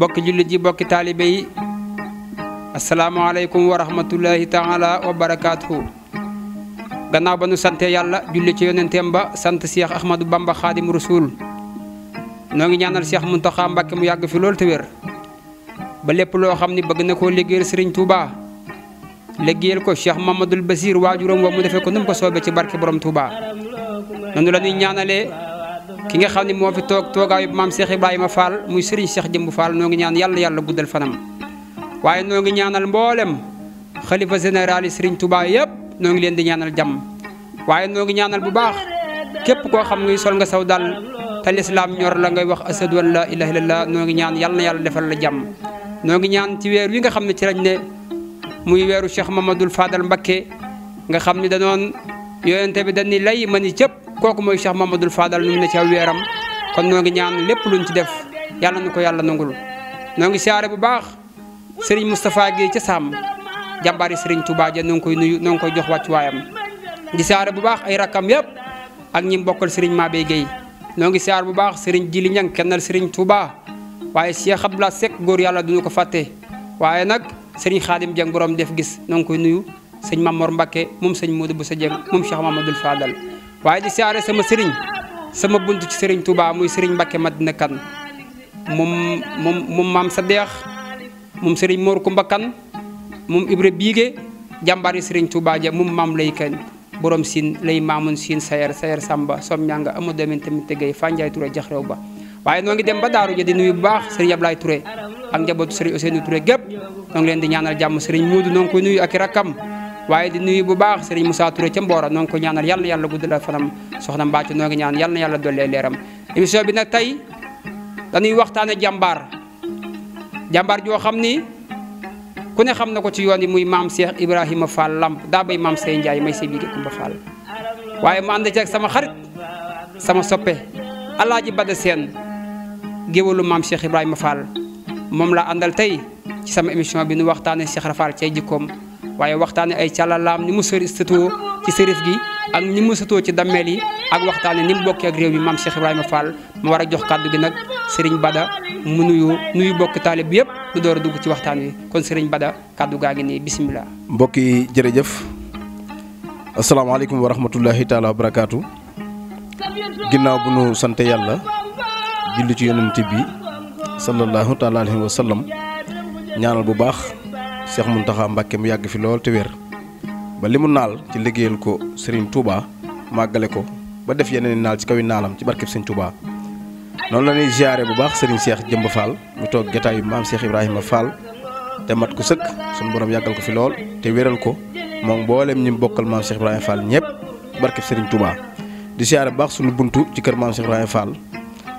bokki jullit yi bokki taalibe yi asalaamaaleykum wa rahmatullahi taala wa barakaatuhu gannaaw ba nu sante yàlla julli ci yonenteem ba sant Cheikh Ahmadou Bamba Xaadim Rasul noo ngi ñaanal Cheikh Muntaxa Mbàkke mu yàgg fi loolu te ba lépp loo xam ni bëgg na koo liggéeyal Sëriñ Touba liggéeyal ko Cheikh Mamadul Basir waajuram wa mu defee ko nu mu ko soobee ci barke borom Touba noonu la ñuy ñaanalee ki nga xam ne moo fi toog toogaayu maam Cheikh Ibrahima faal muy Serigne Cheikh Jëmb Fall noo ngi ñaan yàlla yàlla guddal fanam waaye noo ngi ñaanal mboolem xalifa général yi Serigne Touba yëpp noo ngi leen di ñaanal jàmm waaye noo ngi ñaanal bu baax képp koo xam ne sol nga saw dal te lislaam ñor la ngay wax ashadu an laa la illallah noo ngi ñaan yàlla na yàlla defal la jàmm noo ngi ñaan ci weer wi nga xam ne ci lañ ne muy weeru Cheikh Mamadou Fadal Mbacké nga xam ne danoon yonente bi dañu lay kooku mooy Cheikh Mamadou Fadal nu ngi ne ci aw weeram kon noo ngi ñaan lépp lu luñ ci def yàlla na ko yàlla nangul noo ngi siyaare bu baax sëriñ Moustapha Guèye ca Sàmm jàmbaari sëriñ Touba ja noo ngi koy nuyu noo koy jox wàccuwaayam di siyaare bu baax ay rakkam yëpp ak ñi bokkal sëriñ Mabé Guèye noo ngi siyaare bu baax sëriñ Jili Ñang kennal sëriñ Touba waaye Cheikh Abdoulaye Seck góor yàlla duñu ko fàtte waaye nag sëriñ Xaadim Jeng borom def gis noo ngi koy nuyu sëñ Mamor Mbakke moom sëñ Modou bu sa Jeng moom Cheikh Mamadou Fadal waaye di siyaare sama sëriñ sama bunt ci sëriñ Touba muy sëriñ Mbacke Madina Kane moom moom maam sa deex moom sëriñ Mor Kumba Kane moom Ibra Biige jàmbaar yi sëriñ Touba ja moom maam lay kañ borom siin lay maamun siin sayer sayer samba som ñanga amu demin tamit tëggay fanjaay Touré jax réew ba waaye noo ngi dem ba daaru ja di nuyu bu baax sëriñ Ablaye Touré ak njabootu sëriñ Ousseynou ture gépp noo ngi leen di ñaanal jàmm sëriñ Moodu noo ngi koy nuyu ak i waaye di nuyu bu baax sëriñ Moussa Touré ca mboor a ngi ko ñaanal yal na yàlla guddal fanam soxna Mbacke noo ngi ñaan yal na yàlla dollee leeram émission bi nag tey dañuy waxtaane jàmbaar jàmbaar joo xam ni ku ne xam na ko ci yoon yi muy maam Cheikh Ibrahima Fall Lamp daa bay maam Sey Ndiaye may say biige Kumba waaye ma ànd ceeg sama xarit sama soppe alaaji Bada Seen géwalu maam Cheikh Ibrahima Fall moom la àndal tey ci sama émission bi nu waxtaane Cheikh Rafal cay jikkoom waaye waxtaane ay calalaam ni mu sori sëtoo ci sërif gi ak ni mu sëtoo ci dammeel yi ak waxtaane ni mu bokkee ak réew mi maam Cheikh Ibrahima Fall ma war a jox kàddu gi nag sëriñ Bada mu nuyu bokki bokk taalib bi yëpp du door a dugg ci waxtaan wi kon sëriñ Bada kàddu gaa ngi nii bisimilah. mbokk yi jërëjëf asalaamaaleykum wa rahmatullahi taala wa barakaatu ginnaaw bu nu sant yàlla julli ci yonent bi sallallahu taala alayhi wa ñaanal bu baax. Cheikh Mountakha Mbacké mu yàgg fi lool te wér ba li mu naal ci liggéeyal ko Serigne Touba màggale ko ba def yeneen naal ci kaw yi naalam ci barkeb Serigne Touba. noonu la ñuy ziare bu baax Serigne Cheikh Jëmb Fall mu toog jotaayu maam Cheikh Ibrahima Fall te mat ko sëkk suñu borom yàggal ko fi lool te wéral ko moom mboolem ñi mu bokkal maam Cheikh Ibrahima Fall ñëpp barkeb sëriñ Touba. di ziare bu baax suñu buntu ci kër maam Cheikh Ibrahima Fall.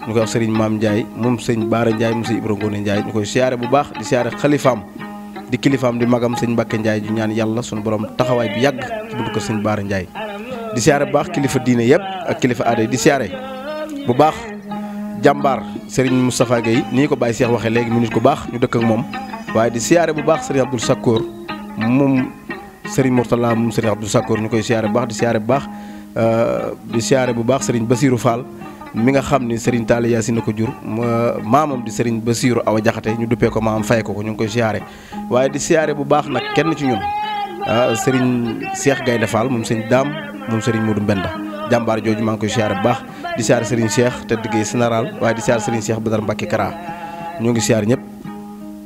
ñu koy wax sëriñ maam Ndiaye moom sëñ Baara Ndiaye moom sëñ Ibra Ngoone Ndiaye ñu koy siyaare bu baax di siyaare xalifaam di kilifaam di magam sëñ Mbacke Ndiaye ju ñaan yàlla sunu borom taxawaay bi yàgg ci buntu ko sëñ Baara Ndiaye di siyaare bu baax kilifa diine yëpp ak kilifa aada di siyaare bu baax jàmbaar Serigne Moustapha Guèye nii ko Baye Cheikh waxee léegi mu nit ku baax ñu dëkk ak moom waaye di siyaare bu baax Serigne Abdoul Sakkour moom Serigne Mourtala moom Serigne Abdoul Sakkour ñu koy siyaare bu baax di siyaare bu baax euh, di siyaare bu baax Serigne Basirou Fall. mi nga xam ni Serigne Talla Yaasin na ko jur maamam di Serigne Bassirou Awa Jaxate ñu duppee ko am fay ko ko ñu ngi koy siyaare waaye di siyaare bu baax nag kenn ci ñun ah seex Cheikh Gaynde Fall moom sëñ Daam moom Serigne Modou Mbenda jàmbaar jooju maa ngi koy siyaare bu baax di siyaare Serigne seex te diggéey général waaye di siyaare seex Cheikh Badar Mbacke Kara ñoo ngi siyaare ñëpp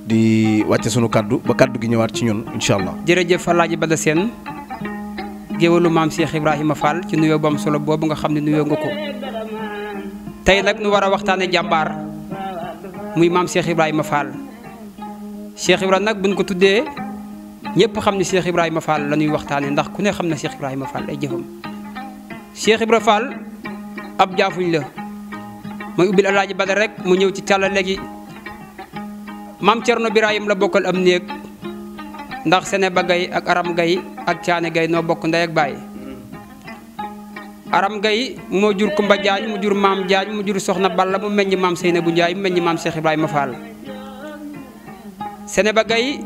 di wàcce sunu kaddu ba kaddu gi ñëwaat ci ñun incha allah. jërëjëf Alaaji Bada Seen géwalu maam Cheikh Ibrahima Fall xam ne nuyoo nga ko tey nag nu war a waxtaane jàmbaar muy maam Cheikh Ibrahima Fall Cheikh Ibrahima nag buñ ko tuddee ñëpp xam ne Cheikh Ibrahima Fall la ñuy waxtaane ndax ku ne xam na Cheikh Ibrahima Fall ay jëfam Cheikh Ibrahima Fall ab jaafuñ la mooy ubbil alaaji Badar rek mu ñëw ci càlla léegi maam Cerno Birahim la bokkal am néeg ndax sene ba gay ak aram gay ak caane gay noo bokk ndey ak baay aram gay moo jur kumba jaañ mu jur maam jaañ mu jur soxna balla mu meññ maam seyna bu njaay mu meññ maam Cheikh Ibrahima Fall ba gay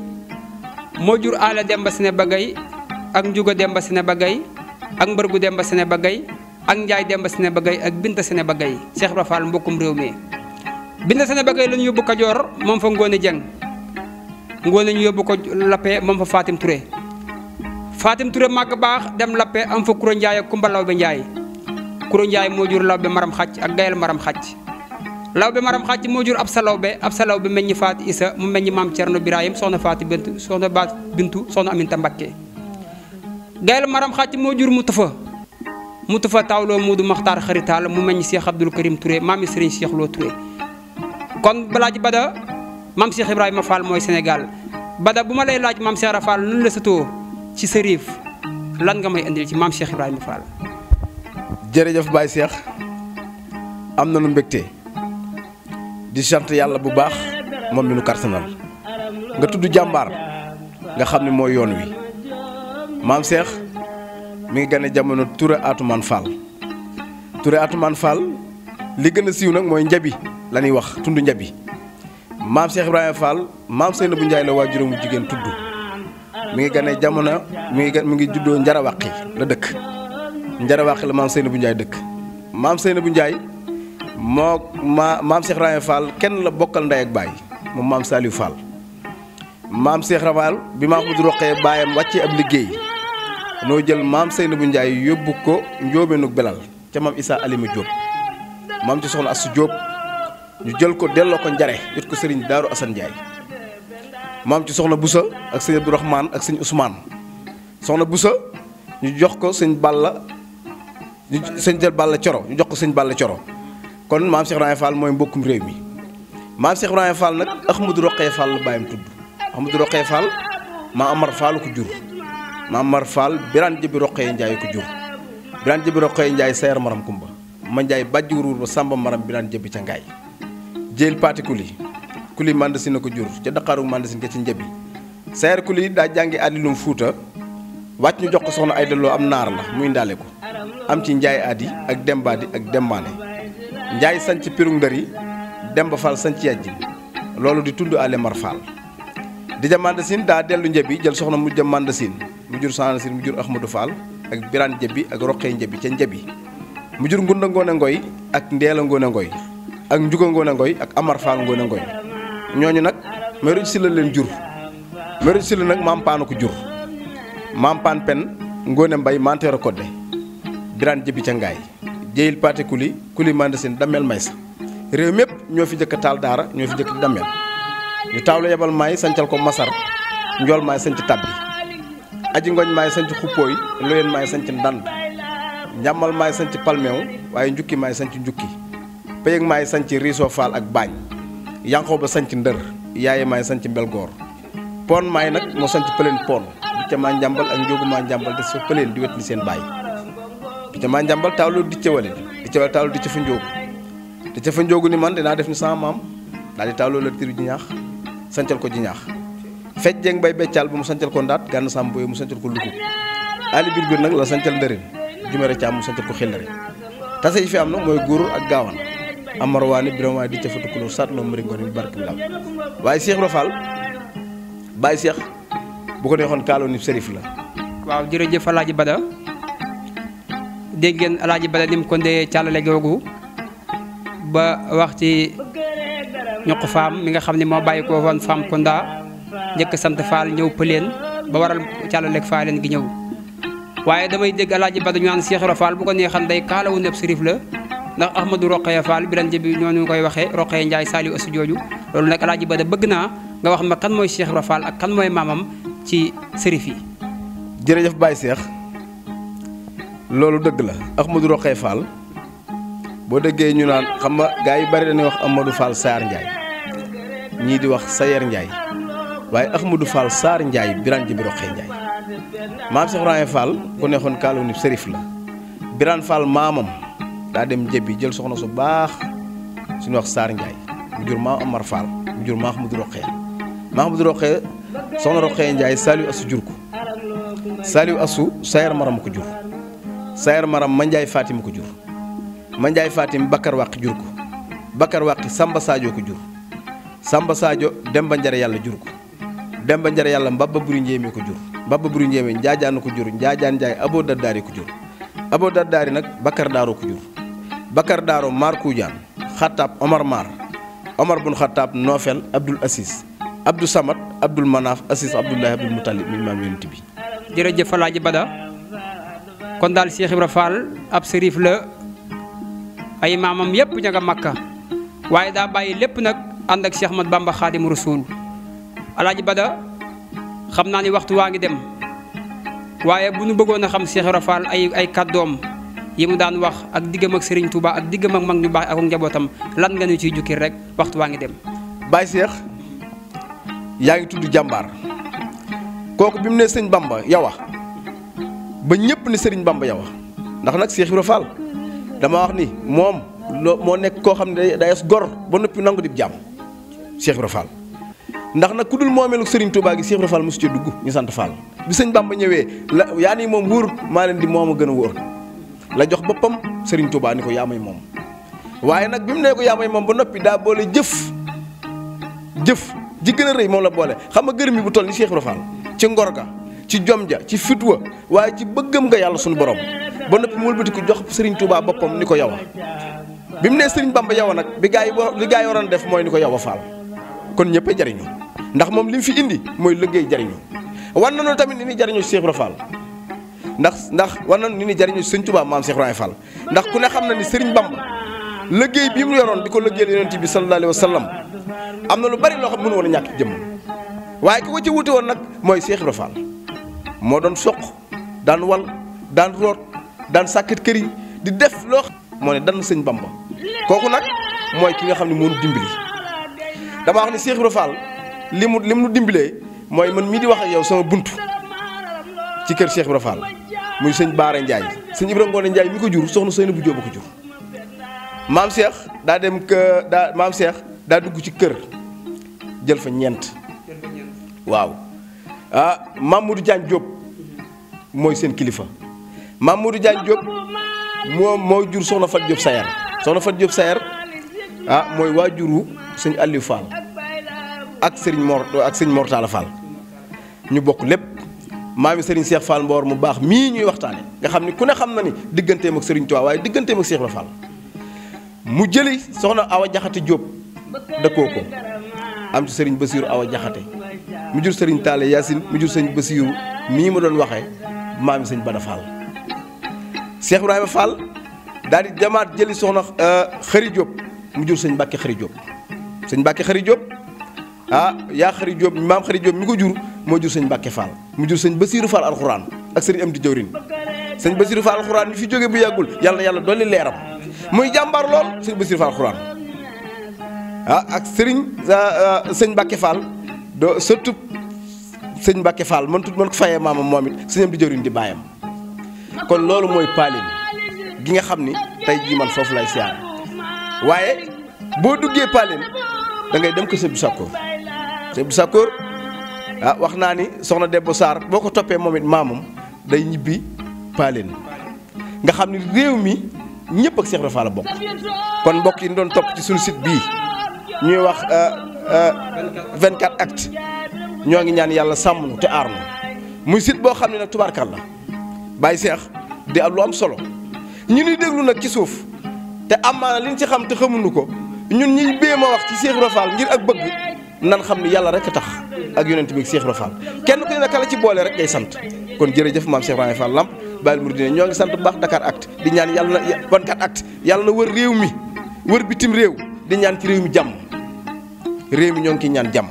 moo jur aala demba sene ba gay ak njuga demba sene ba gay ak mbërgu demba sene ba gay ak njaay demba sene ba gay ak binta sene ba gay Cheikh Ibrahima mbokkum réew mi binta sene ba gay la yóbbu Kajoor moom fa Ngoone Jeng Ngoone ñu yóbbu ko Lappé moom fa Fatim Fatim Touré màgg baax dem lappe am fa Kuro njaay ak Kumba Lawbe Ndiaye Kuro Ndiaye moo jur Lawbe Maram Xàcc ak Gayel Maram Xàcc Lawbe Maram Xàcc moo jur Absa Lawbe Absa Lawbe meññi Faat Isa mu meññi maam Cerno Birahim soxna Faati Bintu soxna Baat Bintu soxna Aminta Mbakke Gayel Maram Xàcc moo jur Mutufa Mutufa Tawloo Muudu Maxtaar Xaritaal mu meññi seex Abdoul Karim Touré maami Serigne Cheikh Lo Touré kon balaa ji bada maam Cheikh Ibrahima Fall mooy Sénégal bada bu ma laaj maam Cheikh ci sa lan nga may indil ci maam Cheikh Ibrahima jërëjëf Baye Cheikh am na nu mbégte di sant yàlla bu baax moom mi nu karsanal nga tudd jàmbaar nga xam ne mooy yoon wi maam Cheikh mi ngi gane jamono Touré Atoumane Fall Touré Atoumane Fall li gën a siiw nag mooy njabi la ñuy wax tund njabi maam Cheikh Ibrahima Fall maam Seynabou Ndiaye la waajuram bu jigéen tudd. mi ngi gane jamono mi ngi gan mi ngi juddoo Njarawàqi la dëkk Njarawàqi la maam Seynabou Ndiaye dëkk maam Seynabou Ndiaye moo ma maam Cheikh Rahane Fall kenn la bokkal ndey baay moom maam Saliou Fall maam Cheikh Rahane bi maa ko roqee baayam wàccee liggéey noo jël maam Seynabou Ndiaye yóbbu ko Njóobeenug Belal ca maam Issa Alima Diop maam ci soxna Assou Diop ñu jël ko delloo ko njare jot ko Serigne Darou Assane Ndiaye maam ci soxna Boussa ak sëñ Abdourahmane ak sëñ Ousmane soxna Boussa ñu jox ko sëñ Balla ñu sëñ jël Balla Coro ñu jox ko sëñ Balla Coro kon maam Cheikh Ibrahima Fall mooy mbokkum réew mi maam Cheikh Ibrahima Fall nag Ahmadou Roqee Fall la bàyyam tudd Ahmadou Roqee Fall maa Amar Fall ko jur maa Amar Fall Birane Jëbi Roqee Njaay ko jur Birane Jëbi Roqee Njaay seer maram kumba ma Njaay bàjji wuruur ba Samba maram Birane Jëbi ca Ngaay jël patikuli li mandasin na ko jur ca daqaaru mandasin ka ci njëbi sayer kuli daa jàngi àddilum fuuta wàcc ñu jox ko soxna ay daloo am naar la muy ndaale ko am ci njaay aadi ak dembaadi ak dembaane njaay sanc pirug ndëri demba faal sanc yàjji loolu di tund ale mar faal dija mandasin daa dellu njëbi jël soxna mu mujja mandasin mu jur sandasin mu jur ahmadu faal ak biraan njëbi ak roqee njëbi ca njëbi mu jur ngunda ngoone ngoy ak ndeela ngoone ngoy ak njuga ngoone ngoy ak amar ñooñu nag Marie la leen jur Marie Sylla nag maam ko jur maam pen ngoone mbay manteer a kodde biraan jëbi ca ngaay jéyil paate kuli kuli mandasin damel may réew mépp ñoo fi jëkk taal daara ñoo fi jëkk damel ñu taawle yebal may sancal ko masar njool maay sanc tabbi aji ngoñ maay sanc xuppooy loyeen maay sanc ndand njàmmal maay sanc palmeew waaye njukki may sanc njukki péyëg maay sanc riisoo faal ak baañ yanqoo ba sanc ndër yaaye maay sanc mbelgoor pon maay nag moo sanc pëleen pon bicca ma njàmbal ak njóogu maa njàmbal des fa pëleen di wet ni seen baay bicca maa njàmbal taaloo dicca wale di wale taaloo dicca fa njóogu dicca fa njóogu ni man dinaa def ni sama maam daal di taaloo la tiru ji ñaax ko ji ñaax fej jeng bay beccaal ba mu sancal ko ndaat gànn sam boye mu sancal ko lukub ali biir biir nag la sancal ndërin jumére caam mu sancal ko xillari tase yi fi am nag mooy góor ak gaawan amar waane biram waaye di cafatu kulóor saat loo mbëri ngoon yi barke bi waaye Cheikh Ibra Fall Baye Cheikh ko neexoon kaaloo ni sërif la waaw jërëjëf alaaji Bada dégg ngeen alaaji Bada ko ndee càllale googu ba wax ci ñuq faam mi nga xam ne moo bàyyi woon faam Kunda njëkk sant Fall ñëw pëleen ba waral càllaleeg faaleen gi ñëw waaye damay dégg alaaji Bada ñu naan Cheikh Ibra Fall bu ko neexoon day kaalawu nepp sërif la ndax Ahmadou Roqaya Fall biran jëbi noonu koy waxee Roqaya Ndiaye Saliou Assou jooju loolu nag alaaji Bada bëgg naa nga wax ma kan mooy Cheikh Ibra Fall ak kan mooy maamam ci sërif yi jërëjëf Baye Cheikh loolu dëgg la Ahmadou Roqaya Fall boo dëggee ñu naan xam nga gaa yi bari dañuy wax Amadou Fall saar Ndiaye ñii di wax Sayer Ndiaye waaye Ahmadou Fall Sarr Ndiaye biran yi Roqaya Ndiaye maam Cheikh Ibra Fall ku neexoon kàllu ni sërif la biran Fall maamam daa dem jébbi jël soxna su baax suñu wax Saar Ndiaye mu jur maam Amar Fall mu jur Mahamadou Roqee Mahamadou Roqee soxna Roqee Ndiaye Saliou Assou jur ko Saliou Assou Sayar Maram ko jur Sayar Maram Mandiaye Fatim ko jur Mandiaye Fatim Bakar Wàqi jur ko Bakar Wàqi Samba saajoo ko jur Samba dem Demba Njare yàlla jur ko ba Njare yàlla Mbaba Buri Njéeme ko jur Mbaba Buri Njéeme Njaajaan ko jur Njaajaan Njaay Abo Daddaari ko jur Abo Daddaari nag Bakar Daaro Bakar Daaro Mar Koudiane Xattaab Omar Mar Omar bun Xattaab Noofel Abdul Asis Abdou Samad Abdul Manaaf Asis Abdullahi Abdul Muttalib mi maam yonent bi. jërëjëf Alaaji Bada kon daal Cheikh Ibra ab sërif la ay maamam yépp ña nga Makka waaye daa bàyyi lépp nag ànd ak Cheikh Ahmad Bamba Xaadim Rasul Alaaji Bada xam naa ni waxtu waa ngi dem waaye bu ñu bëggoon a xam Cheikh Ibra Fall ay ay kàddoom. yi mu daan wax ak diggam ak sëriñ Touba ak diggam ak mag ñu baax ak ak njabootam lan nga ñu ciy jukki rek waxtu waa ngi dem. Baye Cheikh yaa ngi tudd jàmbaar kooku bi mu ne sëñ Bamba yow ba ñëpp ni Serigne Bamba yow ndax nag seex Ibra Fall dama wax ni moom loo moo nekk koo xam ne day as gor ba noppi nangu di jàmm Cheikh Ibra Fall. ndax nag ku dul moomeelu Serigne Touba gi Cheikh Ibra mu mosu cee dugg ñu sant Fall bi sëñ Bamba ñëwee la yaa nii moom wóorut maa leen di moom a gën a wóor. la jox boppam Serigne Touba ni ko yaa may moom waaye nag bi mu nee ko yaa may moom ba noppi daa boole jëf jëf ji gën a rëy moom la boole xam nga gërëm yi bu toll ni Cheikh Ibra Fall ci ngor ga ci jom ja ci fitwa waaye ci bëggam nga yàlla suñu borom ba noppi mu wëlbati jox sëriñ Touba boppam ni ko yow bi mu nee Serigne Bamba yow nag bi gaa yi li gaa yi waroon def mooy ni ko yow a Fall kon ñëpp a jariñu ndax moom li fi indi mooy liggéey jariñu wan nañu tamit ni ñuy jariñu Cheikh ndax ndax war nañu ni jariñu sëñ Tuubaa maam Cheikh Ibrahima Fall ndax ku ne xam na ni Sëriñ Bamba liggéey bi mu yoroon di ko liggéeyal yonent bi sallallahu alayhi wa sallam am na lu bari loo xam mënu woon a ñàkk jëmm waaye ki ko ci wuti woon nag mooy seex Ibrahima Fall moo doon soq daan wal daan root daan sàkkat kër yi di def loo xam moo ne dan sëñ Bamba kooku nag mooy ki nga xam ne moo ñu dimbali damaa wax ne Cheikh Ibrahima Fall li mu li mu dimbilee mooy man mii di wax ak yow sama buntu ci kër Cheikh Ibrahima Fall muy sëñ Baara Ndiaye sëñ Ibra Ngoone Ndiaye mi ko jur soxna Seynabou Diop a ko jur maam Cheikh daa dem kë daa maam Cheikh daa dugg ci kër jël fa ñeent. waaw ah Mamadou Diagne Diop mooy seen kilifa Mamadou Diagne Diop jur soxna Fat Diop Sayar soxna Fat Diop Sayar ah, mooy waa juru Aliou Fall ak ak sëñ Mortala Fall ñu bokk lépp. maami Serigne Cheikh Fall Mbaor mu baax mii ñuy waxtaane nga xam ni ku ne xam na ni digganteem ak Serigne Touba waaye digganteem ak Cheikh Fall mu jëli soxna Awa Jaxate Diop dëkkoo ko am ci Serigne aw Awa Jaxate mu jur Serigne Tallé Yacine mu jur sañ Serigne Bassirou mii ma doon waxee maami Serigne Bada Fall Cheikh Ibrahima Fall daal di jamaat jëli soxna Xëri euh, Diop mu jur sëñ Mbàkke xari Diop sëñ Mbàkke Xëri Diop ah yaa Xëri jóob maam Xëri Diop mi ko jur moo jur sëñ Mbàkke Fall mu jur sëñ Basiiru Fall alxuraan ak sëriñ di Jawrin sëñ Basiiru Fall alxuraan bi fi jóge bu yàggul yàlla na yàlla dolli leeram muy jàmbaar lool sëñ Basiiru Fall alxuraan ah, ak sëriñ ah, sëñ Mbàkke Fall do surtout sëñ Mbàkke Fall man tut man ko fayee maamam moom it sëñ Amdi Jawrin di baayam kon loolu mooy paalim gi nga xam ni tey jii man foofu lay siyaar waaye boo duggee paalim dangay dem ko sëñ bi Sakkoor sëñ bi Sakkoor ah wax naa ni soxna Debbo Sarr boo ko toppee moom it maamam day ñibbi paaleen nga xam ni réew mi ñëpp ak Cheikh Ibra Fall la bokk kon mbokk yi ñu doon topp ci suñu sit bii ñuy wax vingt 24 actu ñoo ngi ñaan yàlla sàmm nu te aar muy site boo xam ne nag tubaarkal la Baye Cheikh di am lu am solo ñu ñuy déglu nag ci suuf te amaana liñ ci xam te xamuñu ko ñun ñuy béem a wax ci Cheikh Ibra Fall ngir ak bëgg nan xam ni yàlla rek a tax ak yonent bi Cheikh Ibra Fall kenn ku ne kala ci boole rek ngay sant kon jërëjëf maam Cheikh Ibrahima Fall Lamp Baye ñoo ngi baax Dakar Acte di ñaan yàlla na 24 Acte yàlla na wër réew mi wër bitim réew di ñaan ci réew mi jàmm réew mi ñoo ngi ciy ñaan jàmm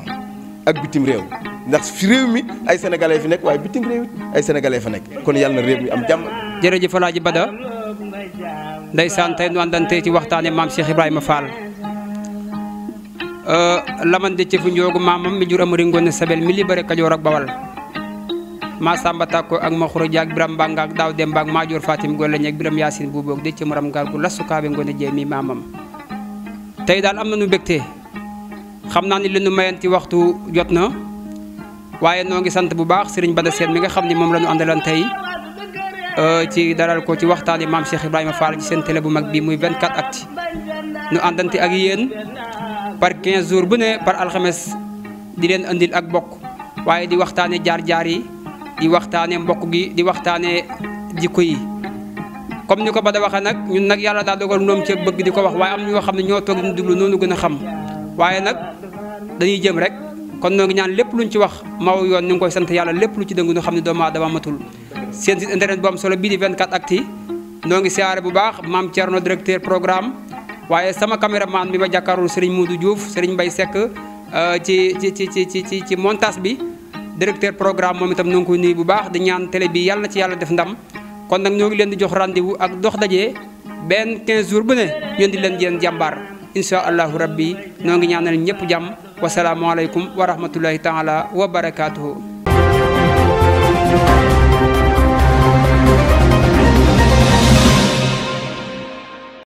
ak bitim réew ndax fi réew mi ay sénégalais fi nekk waaye bitim réew ay sénégalais fa nekk kon yàlla na réew mi am jàmm. jërëjëf Alaaji Bada ndeysaan tey nu àndante ci waxtaane maam Cheikh Ibrahima Fall. Euh, laman cefu njoogu maamam mi jur amari ngoone sabel mi libéré kajoor ak bawal ma samba takko ak ma xuro jaag biram mbanga ak daaw demba ak maajoor fatim golle ñeeg biram yaasin buuboog dëcc maram gaar gu lasukaabe ngoone jeey mi maamam tey daal am na nu mbégte xam naa ni li nu mayan waxtu jot na waaye noo ngi sant bu baax sëriñ Bada Seen mi nga xam ni moom la ñu àndalan tey Euh, ci dalal ko ci waxtaani maam Cheikh Ibrahima Fall ci seen télé bu mag bi muy 24 actu nu àndante ak yéen par 15 jours bu ne par alxemes di leen indil ak bokk waaye di waxtaane jaar-jaar yi di waxtaane mbokk gi di waxtaane jikko yi comme ni ko ba da waxee nag ñu nag yàlla daa dogal noom ci bëgg di ko wax waaye am ñoo xam ne ñoo toog ñu déglu noonu gën a xam waaye nag dañuy jëm rek kon noo ngi ñaan lépp luñ ci wax maw yoon ñu ngi koy sant yàlla lépp lu ci dëng noo xam ne doomu aadama matul seen site internet bu solo bii di 24actu yi noo ngi siyaare bu baax maam Thierno directeur programme waaye sama caméraman bi ma jàkkaarul Serigne Moudou Diouf Serigne Mbaye sekk euh, ci ci ci ci ci ci montage bi directeur programme moom itam ñoo ngi koy nuyu bu baax di ñaan télé bi yàlla na ci yàlla def ndam kon nag ñoo ngi leen di jox rendez-vous ak dox daje benn 15 jours bu ne ñoo di leen jeen jàmbaar incha allahu rabbi noo ngi ñaanal ñëpp jàmm wasalaamualeykum wa rahmatullahi taala wa barakaatuhu.